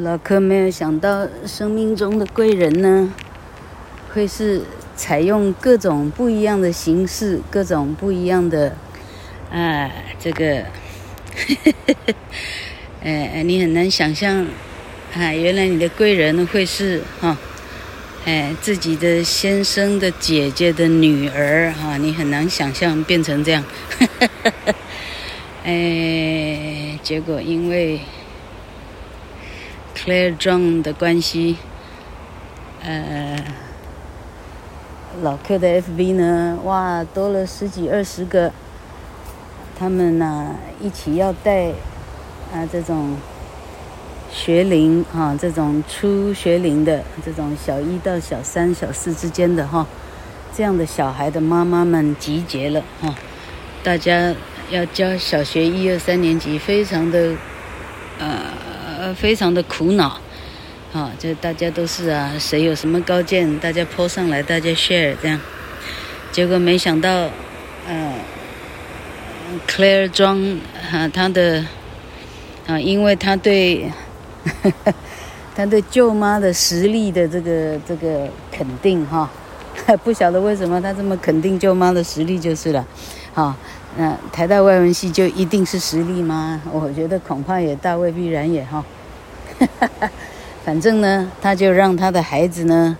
老克沒有想到，生命中的貴人呢，會是採用各種不一樣的形式，各種不一樣的，啊，這個，哎哎，你很難想象，啊，原來你的貴人會是哈、啊，哎，自己的先生的姐姐的女兒哈、啊，你很難想象變成這樣，呵呵哎，結果因為。Clare John 的關係，呃，老克的 FB 呢？哇，多了十幾二十個。他們呢、啊，一起要帶啊這種學齡啊、哦，這種初學齡的，這種小一到小三、小四之間的哈、哦，這樣的小孩的媽媽們集結了哈、哦，大家要教小學一二三年級，非常的呃。呃，非常的苦惱，啊，就大家都是啊，誰有什麼高見，大家拋上來，大家 share 這樣，結果沒想到，嗯、呃、Claire 莊啊，他的啊，因為他對，他對舅媽的實力的這個這個肯定哈、啊，不曉得為什麼他這麼肯定舅媽的實力就是了，好、啊。那、呃、台大外文系就一定是實力嗎？我覺得恐怕也大未必然也哈，哈、哦、哈。 反正呢，他就讓他的孩子呢，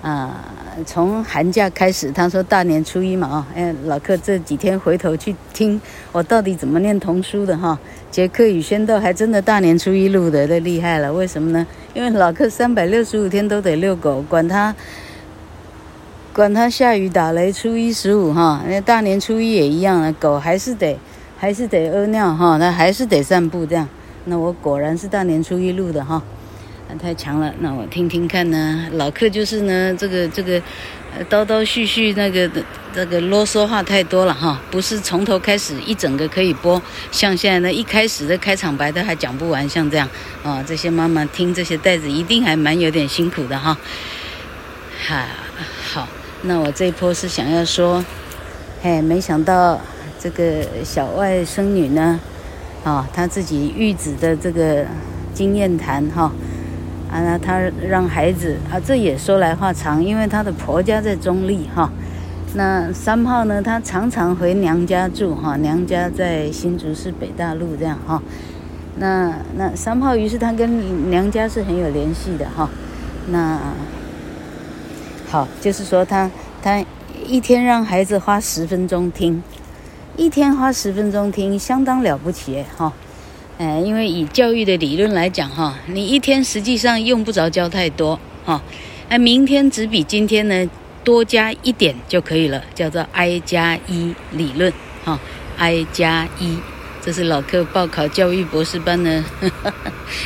啊、呃，從寒假開始，他說大年初一嘛啊、哦，哎，老克這幾天回頭去聽我到底怎麼念童書的哈。傑克與仙豆還真的大年初一錄的，厲害了。為什麼呢？因為老克三百六十五天都得遛狗，管他。管它下雨打雷，初一十五哈，那大年初一也一樣了，狗還是得還是得屙尿哈，那還是得散步這樣。那我果然是大年初一錄的哈，那太強了。那我聽聽看呢，老克就是呢，這個這個，叨叨絮絮那個的這個囉嗦話太多了哈，不是從頭開始一整個可以播，像現在呢一開始的開場白都還講不完，像這樣啊，這些媽媽聽這些帶子一定還蠻有點辛苦的哈，哈、啊、好。那我這一波是想要說，哎，沒想到這個小外甥女呢，啊，她自己育子的這個經驗談哈，啊，那她讓孩子啊，這也說來話長，因為她的婆家在中壢哈、啊，那三炮呢，她常常回娘家住哈、啊，娘家在新竹市北大路這樣哈、啊，那那三炮於是她跟娘家是很有聯繫的哈、啊，那。好，就是說他他一天讓孩子花十分鐘聽，一天花十分鐘聽，相當了不起、哦、哎哈，因為以教育的理論來講哈、哦，你一天實際上用不着教太多哈，哎、哦，明天只比今天呢多加一點就可以了，叫做 I 加一理論哈、哦、，I 加一，1, 這是老克報考教育博士班呢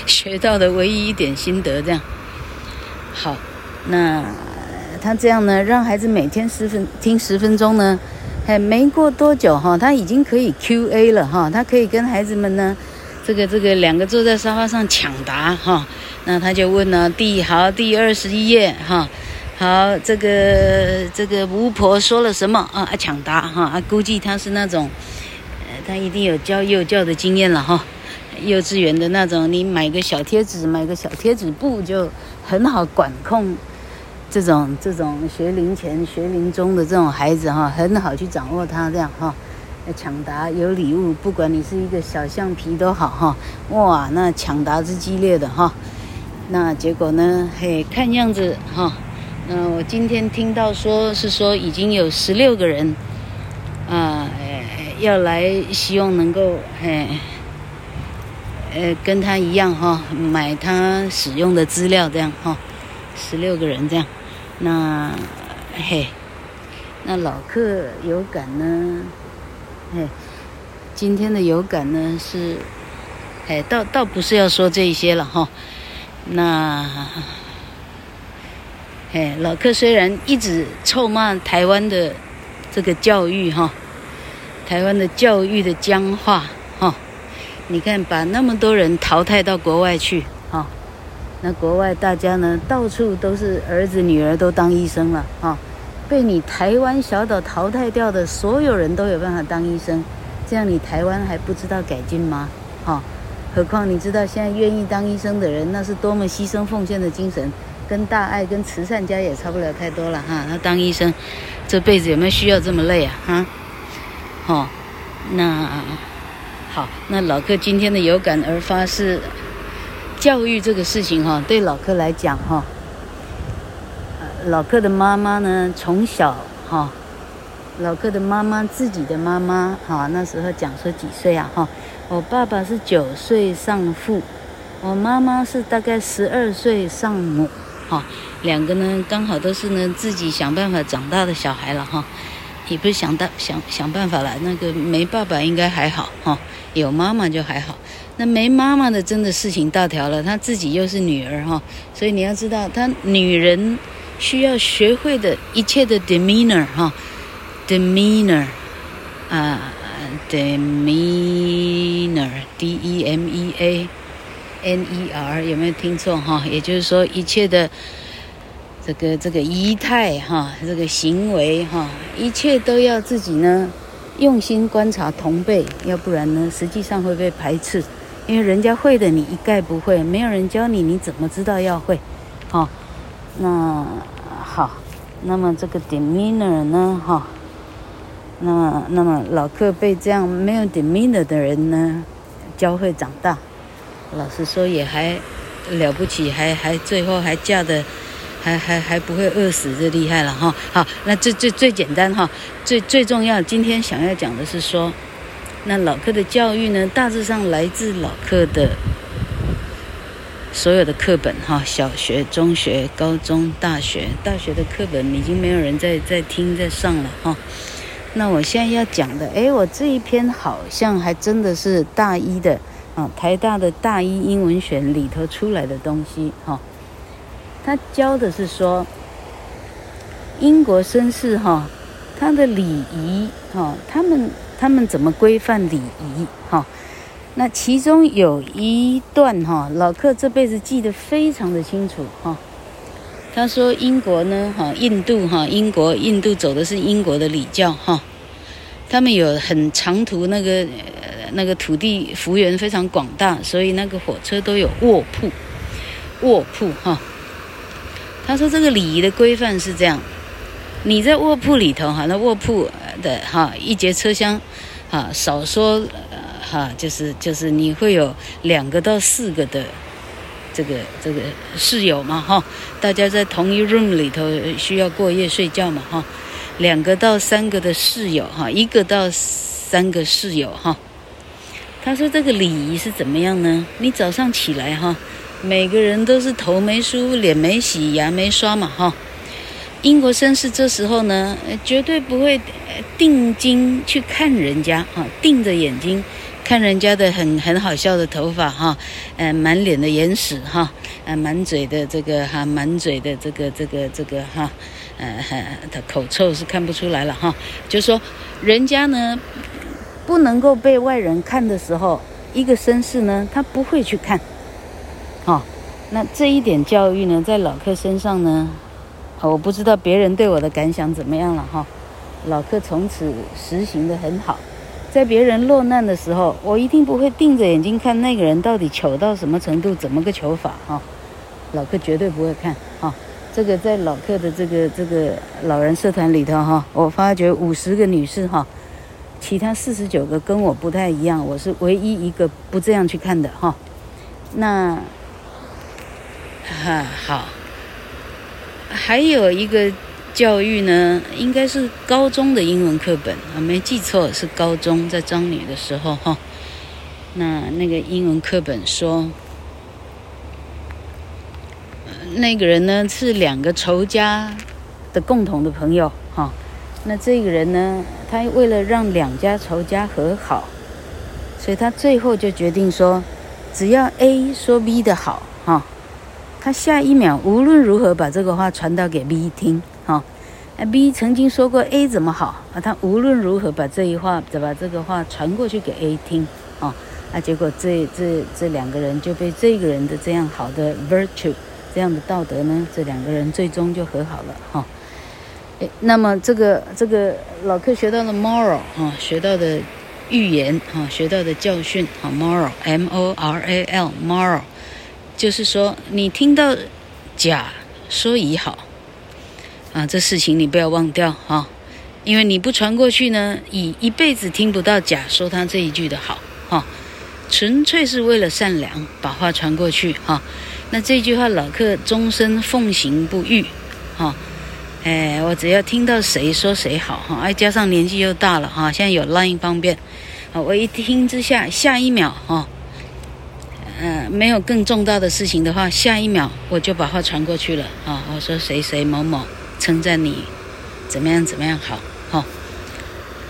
學到的唯一一點心得，這樣，好，那。他這樣呢，讓孩子每天十分聽十分鐘呢，還沒過多久哈、哦，他已經可以 QA 了哈、哦，他可以跟孩子們呢，這個這個兩個坐在沙發上搶答哈、哦，那他就問呢、哦，第好第二十一頁哈，好、哦、好，這個這個巫婆說了什麼啊，啊搶答哈啊，估計他是那種，呃，他一定有教幼教的經驗了哈、哦，幼稚園的那種，你買個小貼紙買個小貼紙布就很好管控。這種這種學齡前、學齡中的這種孩子哈，很好去掌握他這樣哈，搶答有禮物，不管你是一個小橡皮都好哈。哇，那搶答是激烈的哈。那結果呢？嘿，看樣子哈，那我今天聽到說是說已經有十六個人啊、呃，要來希望能夠嘿，呃，跟他一樣哈，買他使用的資料這樣哈。十六個人這樣，那嘿，那老克有感呢，嘿，今天的有感呢是，哎，倒倒不是要說這些了哈、哦，那，嘿，老克雖然一直臭罵台灣的這個教育哈、哦，台灣的教育的僵化哈、哦，你看把那麼多人淘汰到國外去哈。哦那國外大家呢，到處都是兒子女兒都當醫生了啊、哦，被你台灣小島淘汰掉的所有人都有辦法當醫生，這樣你台灣還不知道改進嗎？哈、哦，何況你知道現在願意當醫生的人，那是多麼犧牲奉獻的精神，跟大愛跟慈善家也差不了太多了哈、啊。他當醫生，這輩子有沒有需要這麼累啊？哈、啊，哦，好，那好，那老哥今天的有感而發是。教育這個事情哈，對老克來講哈，老克的媽媽呢，從小哈，老克的媽媽自己的媽媽哈，那時候講說幾歲啊哈，我爸爸是九歲喪父，我媽媽是大概十二歲喪母，哈，兩個呢剛好都是呢自己想辦法長大的小孩了哈，也不是想大想想辦法了，那個沒爸爸應該還好哈，有媽媽就還好。那沒媽媽的，真的事情大條了。她自己又是女兒哈、哦，所以你要知道，她女人需要學會的一切的 demeanor 哈、哦、demeanor 啊，demeanor d e m e a n e r 有沒有聽錯哈、哦？也就是說，一切的這個這個儀態哈，這個行為哈、哦，一切都要自己呢用心觀察同輩，要不然呢，實際上會被排斥。因為人家會的，你一概不會，沒有人教你，你怎麼知道要會？哦，那好，那麼這個 demeanor 呢？哈、哦，那麼那麼老克被這樣沒有 demeanor 的人呢教會長大，老實說也還了不起，還還最後還嫁的，還還還不會餓死這厲害了哈、哦。好，那最最最簡單哈，最最重要，今天想要講的是說，那老克的教育呢，大致上來自老克的所有的課本哈，小學、中學、高中、大學，大學的課本已經沒有人再再聽再上了哈。那我現在要講的，哎，我這一篇好像還真的是大一的啊，台大的大一英文選裡頭出來的東西哈。他教的是說英國紳士哈。他的禮儀，哈，他們他們怎麼規範禮儀，哈？那其中有一段，哈，老克這輩子記得非常的清楚，哈。他說，英國呢，哈，印度，哈，英國、印度走的是英國的禮教，哈。他們有很長途那個呃那個土地幅員非常廣大，所以那個火車都有臥鋪，臥鋪，哈。他說這個禮儀的規範是這樣。你在臥鋪裡頭哈，那臥鋪的哈，一節車廂哈，少說哈，就是就是你會有兩個到四個的這個這個室友嘛哈，大家在同一 room 裡頭需要過夜睡覺嘛哈，兩個到三個的室友哈，一個到三個室友哈。他說這個禮儀是怎麼樣呢？你早上起來哈，每個人都是頭沒梳，臉沒洗，牙沒刷嘛哈。英國紳士這時候呢，絕對不會定睛去看人家啊，盯着眼睛看人家的很很好笑的頭髮哈，嗯滿臉的眼屎哈，滿、啊、嘴的這個哈，滿、啊、嘴的這個這個這個哈，呃、啊啊，他口臭是看不出來了哈、啊。就說人家呢不能夠被外人看的時候，一個紳士呢，他不會去看，哈、哦。那這一點教育呢，在老克身上呢。好，我不知道別人對我的感想怎麼樣了哈、哦。老克從此實行得很好，在別人落難的時候，我一定不會盯著眼睛看那個人到底糗到什麼程度，怎麼個糗法哈、哦。老克絕對不會看哈、哦。這個在老克的這個這個老人社團裡頭哈、哦，我發覺五十個女士哈、哦，其他四十九個跟我不太一樣，我是唯一一個不這樣去看的哈、哦。那，哈、啊、哈好。還有一個教育呢，應該是高中的英文課本，我沒記錯，是高中在張女的時候哈。那那個英文課本說，那個人呢，是兩個仇家的共同的朋友哈。那這個人呢，他為了讓兩家仇家和好，所以他最後就決定說，只要 A 說 B 的好哈。他下一秒無論如何把這個話傳達給 B 聽啊，那 B 曾經說過 A 怎麼好啊，他無論如何把這一話，把這個話傳過去給 A 聽啊，那結果這這這兩個人就被這個人的這樣好的 virtue，這樣的道德呢，這兩個人最終就和好了啊。那麼這個這個老克學到了 moral 啊，學到的寓言啊，學到的教訓啊，moral，m o r a l，moral。L, moral. 就是說，你聽到甲說乙好，啊，這事情你不要忘掉哈、啊，因為你不傳過去呢，乙一輩子聽不到甲說他這一句的好哈、啊。純粹是為了善良，把話傳過去哈、啊。那這句話老克終身奉行不渝哈、啊。哎，我只要聽到誰說誰好哈，哎、啊，加上年紀又大了哈、啊，現在有 Line 方便，啊，我一聽之下，下一秒哈。啊沒有更重大的事情的話，下一秒我就把話傳過去了啊！我說誰誰某某稱讚你，怎麼樣怎麼樣，好哈，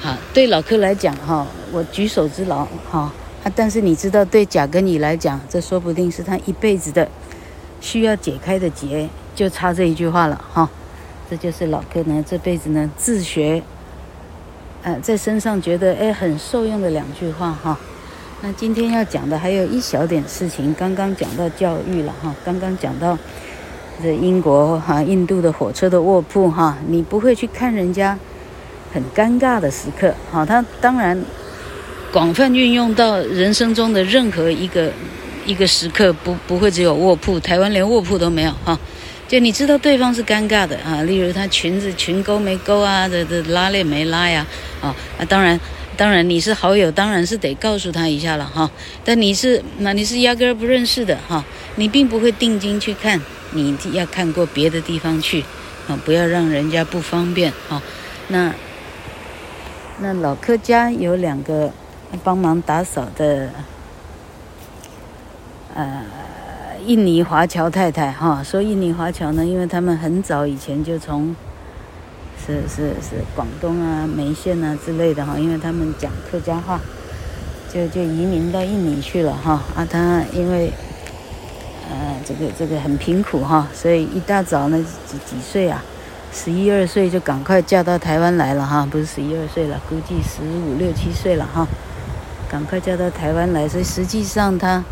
好。對老克來講哈，我舉手之勞哈，但是你知道，對甲跟乙來講，這說不定是他一輩子的需要解開的結，就差這一句話了哈。這就是老克呢這輩子呢自學，呃，在身上覺得哎很受用的兩句話哈。那今天要講的還有一小點事情，剛剛講到教育了哈，剛剛講到這英國哈、印度的火車的臥鋪哈，你不會去看人家很尷尬的時刻哈，它當然廣泛運用到人生中的任何一個一個時刻，不不會只有臥鋪，台灣連臥鋪都沒有哈，就你知道對方是尷尬的啊，例如他裙子裙勾沒勾啊，這這拉鏈沒拉呀啊，那當然。當然你是好友，當然是得告訴他一下了哈。但你是那你是壓根兒不認識的哈，你並不會定睛去看，你要看過別的地方去，啊，不要讓人家不方便啊。那那老克家有兩個幫忙打掃的呃印尼華僑太太哈，說印尼華僑呢，因為他們很早以前就從。是是是，廣東啊、梅縣啊之類的哈，因為他們講客家話，就就移民到印尼去了哈。啊，他因為，呃，這個這個很貧苦哈，啊，所以一大早呢，幾幾歲啊，十一二歲就趕快嫁到台灣來了哈，啊。不是十一二歲了，估計十五六七歲了哈，啊，趕快嫁到台灣來。所以實際上他，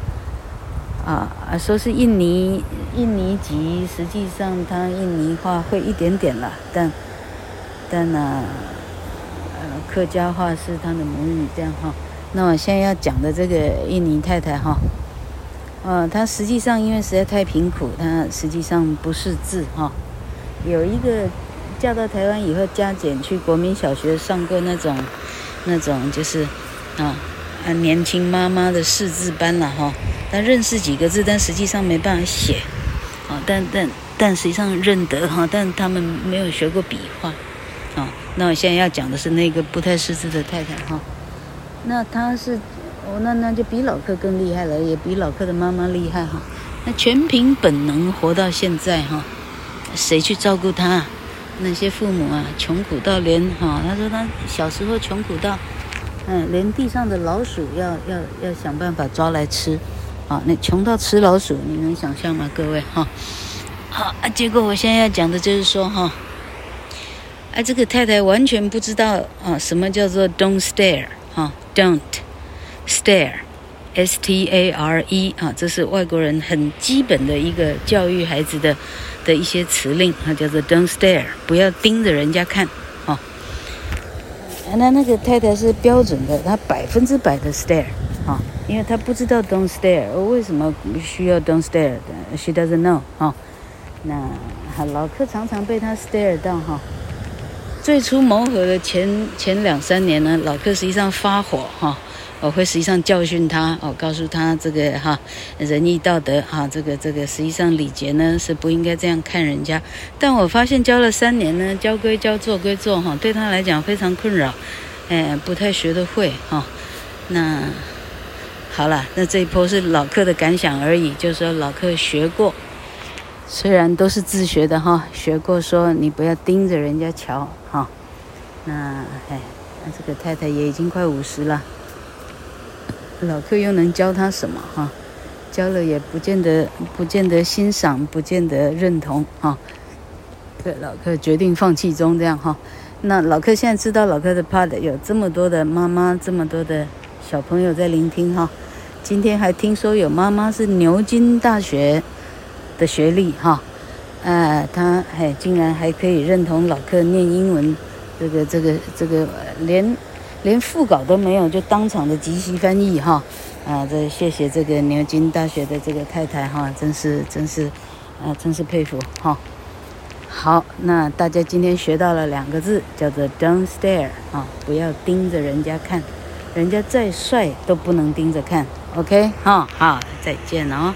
啊啊，說是印尼印尼籍，實際上他印尼話會一點點了，但。在那，呃、啊，客家話是他的母語，這樣哈。那我現在要講的這個印尼太太哈，呃，她實際上因為實在太貧苦，她實際上不識字哈、哦。有一個嫁到台灣以後，加減去國民小學上過那種、那種就是啊啊年輕媽媽的識字班了哈、哦。她認識幾個字，但實際上沒辦法寫。哦，但但但實際上認得哈、哦，但他們沒有學過筆畫。哦，那我現在要講的是那個不太識字的太太哈、哦，那他是，哦，那那就比老克更厲害了，也比老克的媽媽厲害哈、哦，那全憑本能活到現在哈、哦，誰去照顧他？那些父母啊，窮苦到連哈、哦，他說他小時候窮苦到，嗯、哎，連地上的老鼠要要要想辦法抓來吃，啊、哦，那窮到吃老鼠，你能想象嗎？各位哈、哦，啊，結果我現在要講的就是說哈。哦啊，這個太太完全不知道啊，什麼叫做 don't stare？哈、啊、，don't stare，S-T-A-R-E 啊，這是外國人很基本的一個教育孩子的的一些辭令，它、啊、叫做 don't stare，不要盯着人家看，哈、啊。那那個太太是標準的，她百分之百的 stare，啊，因為她不知道 don't stare，我為什麼需要 don't stare？She doesn't know，哈、啊。那老克常常被她 stare 到，哈、啊。最初磨合的前前兩三年呢，老克實際上發火哈、啊，我會實際上教訓他，哦、啊，告訴他這個哈仁義道德哈、啊，這個這個實際上禮節呢是不應該這樣看人家。但我發現教了三年呢，教歸教做歸做哈、啊，對他來講非常困擾，嗯、哎，不太學得會哈、啊。那好了，那這一波是老克的感想而已，就是說老克學過。雖然都是自學的哈，學過說你不要盯着人家瞧哈。那哎，那這個太太也已經快五十了，老克又能教他什麼哈？教了也不見得，不見得欣賞，不見得認同哈。對，老克決定放棄中這樣哈。那老克現在知道老克的 Pad 有這麼多的媽媽，這麼多的小朋友在聆聽哈。今天還聽說有媽媽是牛津大學。的學歷哈，啊，他嘿竟然還可以認同老克念英文，這個這個這個連，連副稿都沒有就當場的即席翻譯哈，啊，這謝謝這個牛津大學的這個太太哈、啊，真是真是，啊，真是佩服哈、啊。好，那大家今天學到了兩個字，叫做 Don't stare 啊，不要盯着人家看，人家再帥都不能盯着看，OK 哈、啊，好，再見了哦。